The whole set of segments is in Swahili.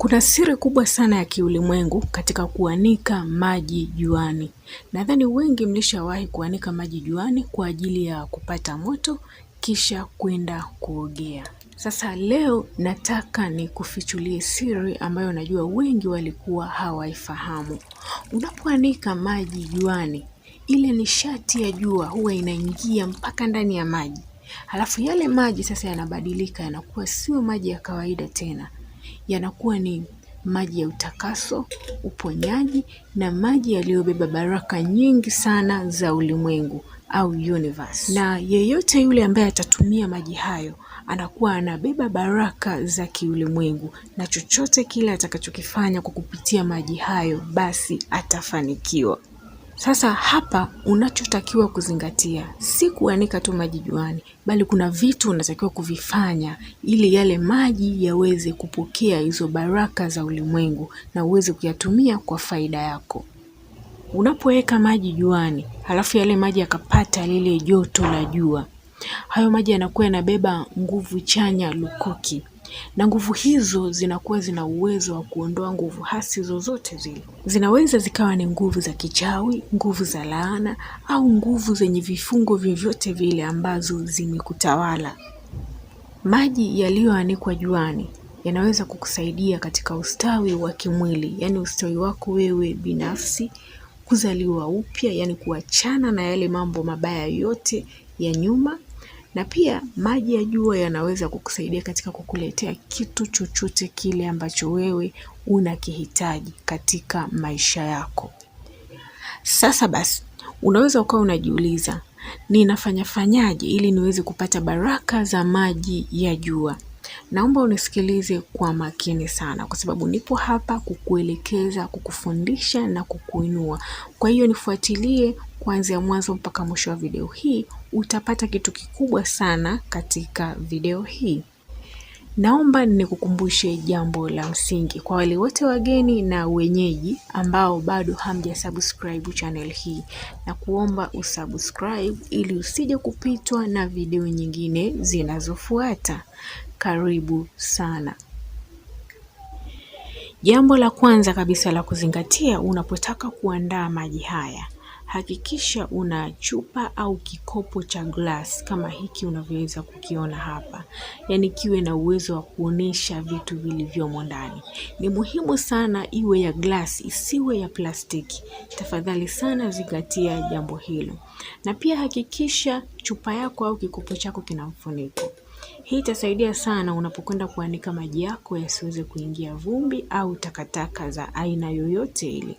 Kuna siri kubwa sana ya kiulimwengu katika kuanika maji juani. Nadhani wengi mlishawahi kuanika maji juani kwa ajili ya kupata moto kisha kwenda kuogea. Sasa leo nataka ni kufichulie siri ambayo najua wengi walikuwa hawaifahamu. Unapoanika maji juani, ile nishati ya jua huwa inaingia mpaka ndani ya maji, halafu yale maji sasa yanabadilika, yanakuwa sio maji ya kawaida tena yanakuwa ni maji ya utakaso, uponyaji na maji yaliyobeba baraka nyingi sana za ulimwengu au universe. Na yeyote yule ambaye atatumia maji hayo anakuwa anabeba baraka za kiulimwengu, na chochote kile atakachokifanya kwa kupitia maji hayo, basi atafanikiwa. Sasa hapa unachotakiwa kuzingatia si kuanika tu maji juani, bali kuna vitu unatakiwa kuvifanya ili yale maji yaweze kupokea hizo baraka za ulimwengu na uweze kuyatumia kwa faida yako. Unapoweka maji juani, halafu yale maji yakapata lile joto la jua, hayo maji yanakuwa yanabeba nguvu chanya lukuki na nguvu hizo zinakuwa zina uwezo wa kuondoa nguvu hasi zozote zile. Zinaweza zikawa ni nguvu za kichawi, nguvu za laana, au nguvu zenye vifungo vyovyote vile ambazo zimekutawala. Maji yaliyoanikwa juani yanaweza kukusaidia katika ustawi wa kimwili, yaani ustawi wako wewe binafsi, kuzaliwa upya, yaani kuachana na yale mambo mabaya yote ya nyuma na pia maji ya jua yanaweza kukusaidia katika kukuletea kitu chochote kile ambacho wewe unakihitaji katika maisha yako. Sasa basi, unaweza ukawa unajiuliza, ninafanyafanyaje ili niweze kupata baraka za maji ya jua? Naomba unisikilize kwa makini sana, kwa sababu nipo hapa kukuelekeza, kukufundisha na kukuinua. Kwa hiyo nifuatilie kuanzia mwanzo mpaka mwisho wa video hii, utapata kitu kikubwa sana katika video hii. Naomba nikukumbushe jambo la msingi kwa wale wote wageni na wenyeji ambao bado hamja subscribe channel hii, na kuomba usubscribe ili usije kupitwa na video nyingine zinazofuata karibu sana. Jambo la kwanza kabisa la kuzingatia unapotaka kuandaa maji haya, hakikisha una chupa au kikopo cha glass kama hiki unavyoweza kukiona hapa, yaani kiwe na uwezo wa kuonesha vitu vilivyomo ndani. Ni muhimu sana iwe ya glass, isiwe ya plastiki. Tafadhali sana zingatia jambo hilo, na pia hakikisha chupa yako au kikopo chako kina mfuniko. Hii itasaidia sana unapokwenda kuanika maji yako yasiweze kuingia vumbi au takataka za aina yoyote ile.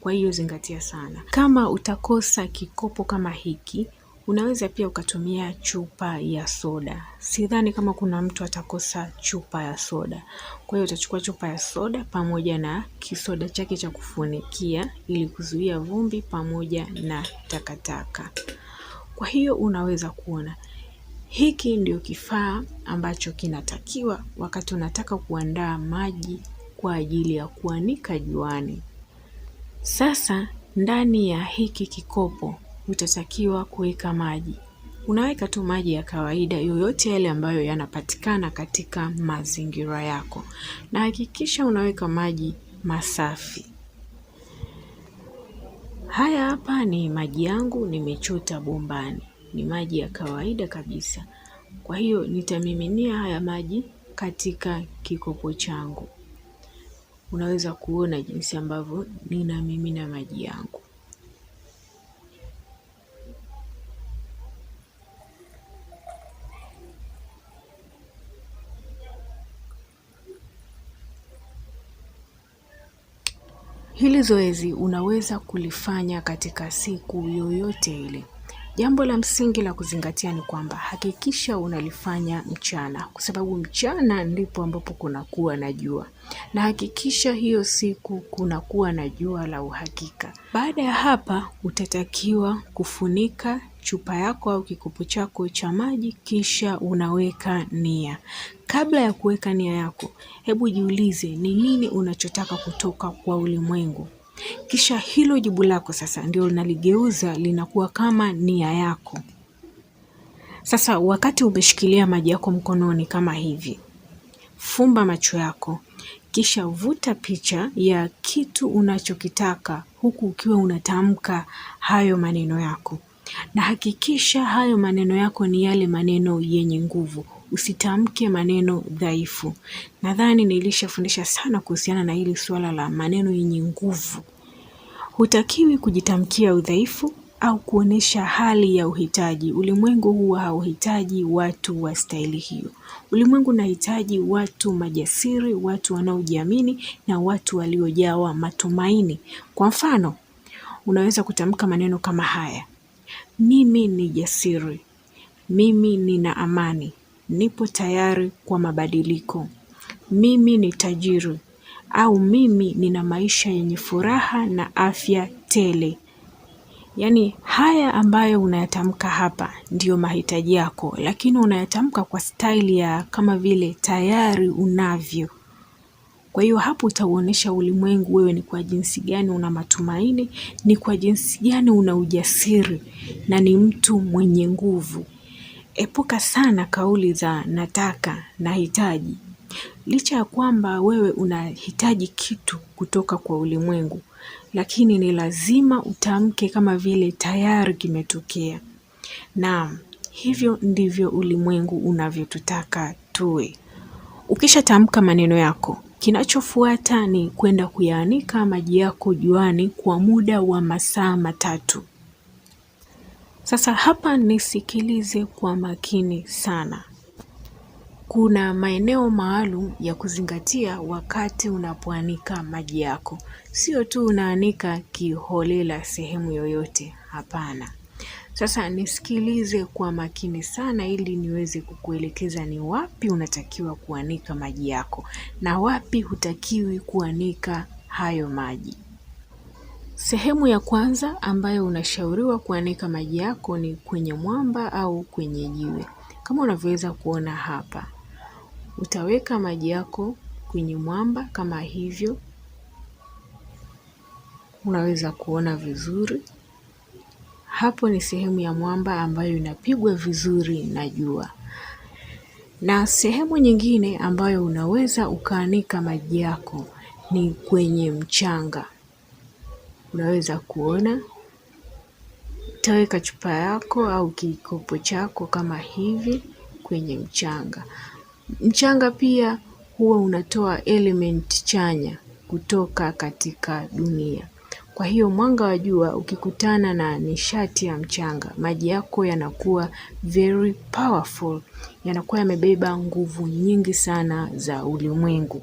Kwa hiyo zingatia sana. Kama utakosa kikopo kama hiki, unaweza pia ukatumia chupa ya soda. Sidhani kama kuna mtu atakosa chupa ya soda. Kwa hiyo utachukua chupa ya soda pamoja na kisoda chake cha kufunikia ili kuzuia vumbi pamoja na takataka. Kwa hiyo unaweza kuona hiki ndio kifaa ambacho kinatakiwa wakati unataka kuandaa maji kwa ajili ya kuanika juani. Sasa ndani ya hiki kikopo utatakiwa kuweka maji. Unaweka tu maji ya kawaida yoyote yale ambayo yanapatikana katika mazingira yako, na hakikisha unaweka maji masafi. Haya hapa ni maji yangu nimechota bombani ni maji ya kawaida kabisa. Kwa hiyo nitamiminia haya maji katika kikopo changu. Unaweza kuona jinsi ambavyo ninamimina maji yangu. Hili zoezi unaweza kulifanya katika siku yoyote ile. Jambo la msingi la kuzingatia ni kwamba hakikisha unalifanya mchana, kwa sababu mchana ndipo ambapo kunakuwa na jua, na hakikisha hiyo siku kunakuwa na jua la uhakika. Baada ya hapa, utatakiwa kufunika chupa yako au kikopo chako cha maji, kisha unaweka nia. Kabla ya kuweka nia yako, hebu jiulize ni nini unachotaka kutoka kwa ulimwengu. Kisha hilo jibu lako sasa ndio linaligeuza linakuwa kama nia yako. Sasa wakati umeshikilia maji yako mkononi kama hivi, fumba macho yako, kisha vuta picha ya kitu unachokitaka huku ukiwa unatamka hayo maneno yako, na hakikisha hayo maneno yako ni yale maneno yenye nguvu, usitamke maneno dhaifu. Nadhani nilishafundisha sana kuhusiana na hili suala la maneno yenye nguvu. Hutakiwi kujitamkia udhaifu au kuonyesha hali ya uhitaji. Ulimwengu huwa hauhitaji watu wa staili hiyo. Ulimwengu unahitaji watu majasiri, watu wanaojiamini na watu waliojawa matumaini. Kwa mfano, unaweza kutamka maneno kama haya: mimi ni jasiri, mimi nina amani, nipo tayari kwa mabadiliko. Mimi ni tajiri au mimi nina maisha yenye furaha na afya tele. Yaani haya ambayo unayatamka hapa ndiyo mahitaji yako, lakini unayatamka kwa staili ya kama vile tayari unavyo. Kwa hiyo hapo utauonyesha ulimwengu wewe ni kwa jinsi gani una matumaini, ni kwa jinsi gani una ujasiri na ni mtu mwenye nguvu. Epuka sana kauli za nataka, nahitaji. Licha ya kwamba wewe unahitaji kitu kutoka kwa ulimwengu, lakini ni lazima utamke kama vile tayari kimetokea. Naam, hivyo ndivyo ulimwengu unavyotutaka tuwe. Ukishatamka maneno yako, kinachofuata ni kwenda kuyaanika maji yako juani kwa muda wa masaa matatu. Sasa hapa nisikilize kwa makini sana. Kuna maeneo maalum ya kuzingatia wakati unapoanika maji yako. Sio tu unaanika kiholela sehemu yoyote, hapana. Sasa nisikilize kwa makini sana ili niweze kukuelekeza ni wapi unatakiwa kuanika maji yako na wapi hutakiwi kuanika hayo maji. Sehemu ya kwanza ambayo unashauriwa kuanika maji yako ni kwenye mwamba au kwenye jiwe. Kama unavyoweza kuona hapa, utaweka maji yako kwenye mwamba kama hivyo, unaweza kuona vizuri. Hapo ni sehemu ya mwamba ambayo inapigwa vizuri na jua. Na sehemu nyingine ambayo unaweza ukaanika maji yako ni kwenye mchanga unaweza kuona. Utaweka chupa yako au kikopo chako kama hivi kwenye mchanga. Mchanga pia huwa unatoa element chanya kutoka katika dunia. Kwa hiyo mwanga wa jua ukikutana na nishati ya mchanga, maji yako yanakuwa very powerful, yanakuwa yamebeba nguvu nyingi sana za ulimwengu.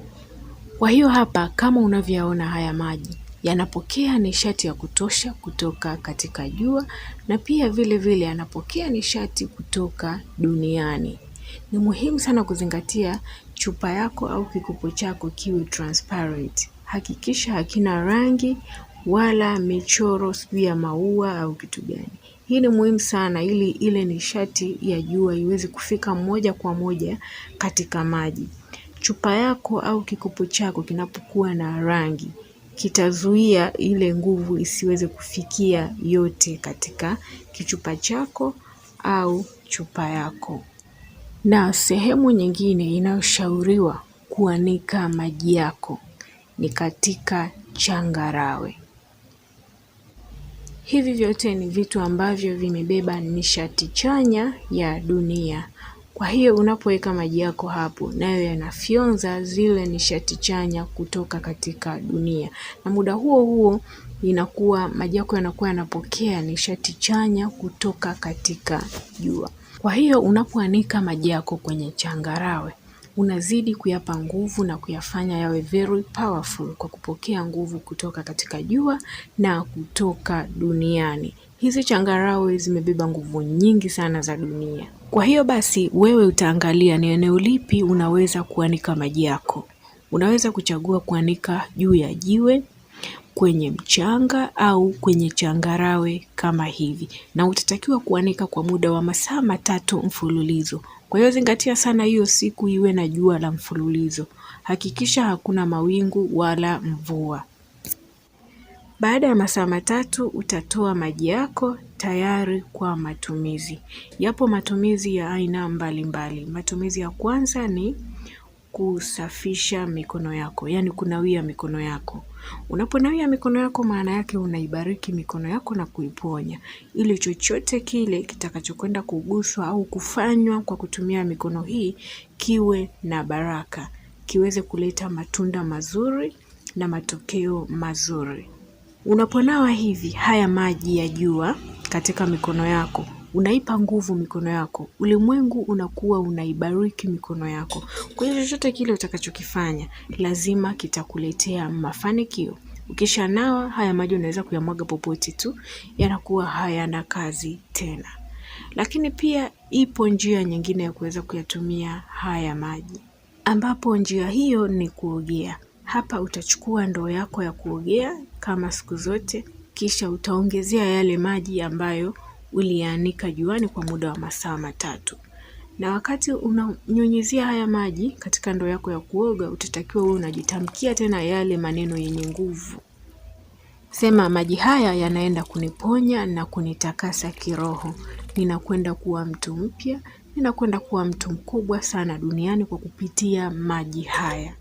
Kwa hiyo hapa kama unavyoona haya maji yanapokea nishati ya kutosha kutoka katika jua na pia vile vile yanapokea nishati kutoka duniani. Ni muhimu sana kuzingatia chupa yako au kikopo chako kiwe transparent. Hakikisha hakina rangi wala michoro sijui ya maua au kitu gani. Hii ni muhimu sana ili ile nishati ya jua iweze kufika moja kwa moja katika maji. Chupa yako au kikopo chako kinapokuwa na rangi kitazuia ile nguvu isiweze kufikia yote katika kichupa chako au chupa yako. Na sehemu nyingine inayoshauriwa kuanika maji yako ni katika changarawe. Hivi vyote ni vitu ambavyo vimebeba nishati chanya ya dunia kwa hiyo unapoweka maji yako hapo, nayo yanafyonza zile nishati chanya kutoka katika dunia, na muda huo huo inakuwa maji yako yanakuwa yanapokea nishati chanya kutoka katika jua. Kwa hiyo unapoanika maji yako kwenye changarawe, unazidi kuyapa nguvu na kuyafanya yawe very powerful kwa kupokea nguvu kutoka katika jua na kutoka duniani. Hizi changarawe zimebeba nguvu nyingi sana za dunia. Kwa hiyo basi, wewe utaangalia ni eneo lipi unaweza kuanika maji yako. Unaweza kuchagua kuanika juu ya jiwe, kwenye mchanga au kwenye changarawe kama hivi, na utatakiwa kuanika kwa muda wa masaa matatu mfululizo. Kwa hiyo zingatia sana hiyo siku iwe na jua la mfululizo. Hakikisha hakuna mawingu wala mvua. Baada ya masaa matatu utatoa maji yako tayari kwa matumizi. Yapo matumizi ya aina mbalimbali. Matumizi ya kwanza ni kusafisha mikono yako, yaani kunawia mikono yako. Unaponawia mikono yako, maana yake unaibariki mikono yako na kuiponya, ili chochote kile kitakachokwenda kuguswa au kufanywa kwa kutumia mikono hii kiwe na baraka, kiweze kuleta matunda mazuri na matokeo mazuri. Unaponawa hivi haya maji ya jua katika mikono yako unaipa nguvu mikono yako, ulimwengu unakuwa unaibariki mikono yako. Kwa hiyo chochote kile utakachokifanya lazima kitakuletea mafanikio. Ukisha nawa haya maji unaweza kuyamwaga popote tu, yanakuwa hayana kazi tena. Lakini pia ipo njia nyingine ya kuweza kuyatumia haya maji, ambapo njia hiyo ni kuogea. Hapa utachukua ndoo yako ya kuogea kama siku zote, kisha utaongezea yale maji ambayo ulianika juani kwa muda wa masaa matatu. Na wakati unanyunyizia haya maji katika ndoo yako ya kuoga, utatakiwa wewe unajitamkia tena yale maneno yenye nguvu. Sema, maji haya yanaenda kuniponya na kunitakasa kiroho. Ninakwenda kuwa mtu mpya, ninakwenda kuwa mtu mkubwa sana duniani kwa kupitia maji haya.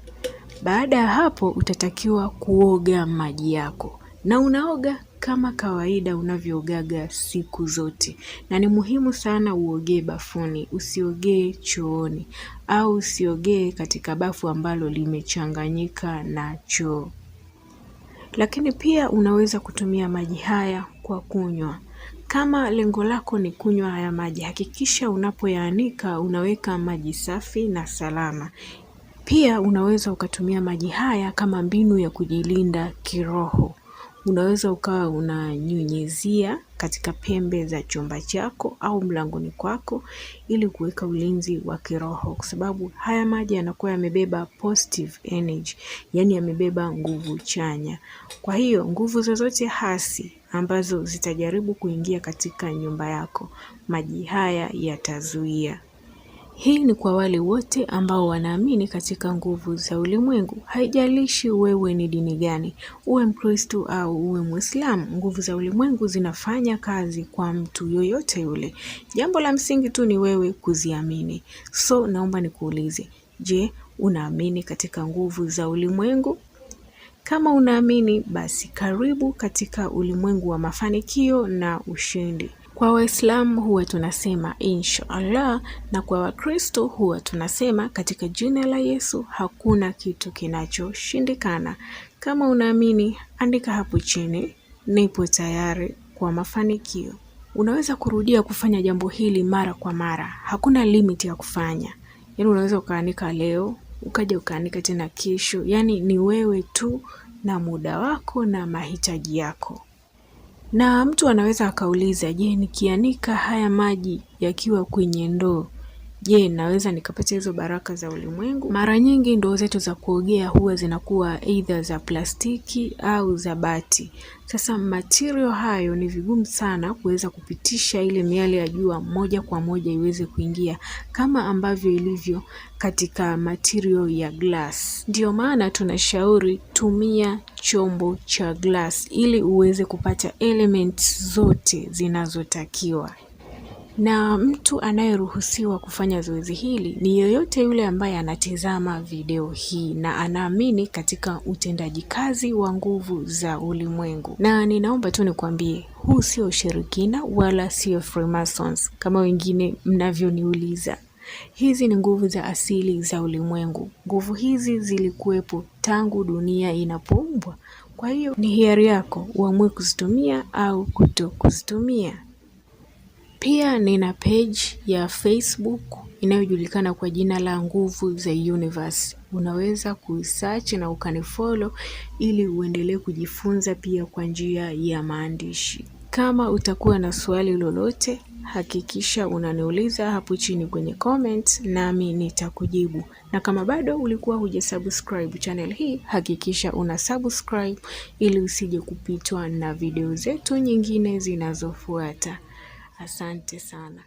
Baada ya hapo, utatakiwa kuoga maji yako na unaoga kama kawaida unavyoogaga siku zote, na ni muhimu sana uogee bafuni, usiogee chooni au usiogee katika bafu ambalo limechanganyika na choo. Lakini pia unaweza kutumia maji haya kwa kunywa. Kama lengo lako ni kunywa haya maji, hakikisha unapoyaanika unaweka maji safi na salama. Pia unaweza ukatumia maji haya kama mbinu ya kujilinda kiroho. Unaweza ukawa unanyunyizia katika pembe za chumba chako au mlangoni kwako ili kuweka ulinzi wa kiroho, kwa sababu haya maji yanakuwa yamebeba positive energy, yani yamebeba nguvu chanya. Kwa hiyo nguvu zozote hasi ambazo zitajaribu kuingia katika nyumba yako, maji haya yatazuia. Hii ni kwa wale wote ambao wanaamini katika nguvu za ulimwengu. Haijalishi wewe ni dini gani, uwe Mkristo au uwe Mwislamu, nguvu za ulimwengu zinafanya kazi kwa mtu yoyote yule. Jambo la msingi tu ni wewe kuziamini. So naomba nikuulize, je, unaamini katika nguvu za ulimwengu? Kama unaamini, basi karibu katika ulimwengu wa mafanikio na ushindi. Kwa Waislamu huwa tunasema insha Allah na kwa Wakristo huwa tunasema katika jina la Yesu hakuna kitu kinachoshindikana. Kama unaamini, andika hapo chini, nipo tayari kwa mafanikio. Unaweza kurudia kufanya jambo hili mara kwa mara, hakuna limit ya kufanya. Yaani unaweza ukaanika leo, ukaja ukaandika tena kesho, yaani ni wewe tu na muda wako na mahitaji yako. Na mtu anaweza akauliza, je, nikianika haya maji yakiwa kwenye ndoo Je, naweza nikapata hizo baraka za ulimwengu? Mara nyingi ndoo zetu za kuogea huwa zinakuwa aidha za plastiki au za bati. Sasa material hayo ni vigumu sana kuweza kupitisha ile miale ya jua moja kwa moja iweze kuingia kama ambavyo ilivyo katika material ya glass. Ndiyo maana tunashauri tumia chombo cha glass ili uweze kupata elements zote zinazotakiwa na mtu anayeruhusiwa kufanya zoezi hili ni yeyote yule ambaye anatizama video hii na anaamini katika utendaji kazi wa nguvu za ulimwengu. Na ninaomba tu nikwambie, huu sio ushirikina wala sio Freemasons kama wengine mnavyoniuliza. Hizi ni nguvu za asili za ulimwengu. Nguvu hizi zilikuwepo tangu dunia inapoumbwa. Kwa hiyo ni hiari yako uamue kuzitumia au kuto kuzitumia. Pia nina page ya Facebook inayojulikana kwa jina la nguvu za universe. Unaweza kuisearch na ukanifollow ili uendelee kujifunza pia kwa njia ya maandishi. Kama utakuwa na swali lolote, hakikisha unaniuliza hapo chini kwenye comment nami nitakujibu. Na kama bado ulikuwa hujasubscribe channel hii, hakikisha una subscribe ili usije kupitwa na video zetu nyingine zinazofuata. Asante sana.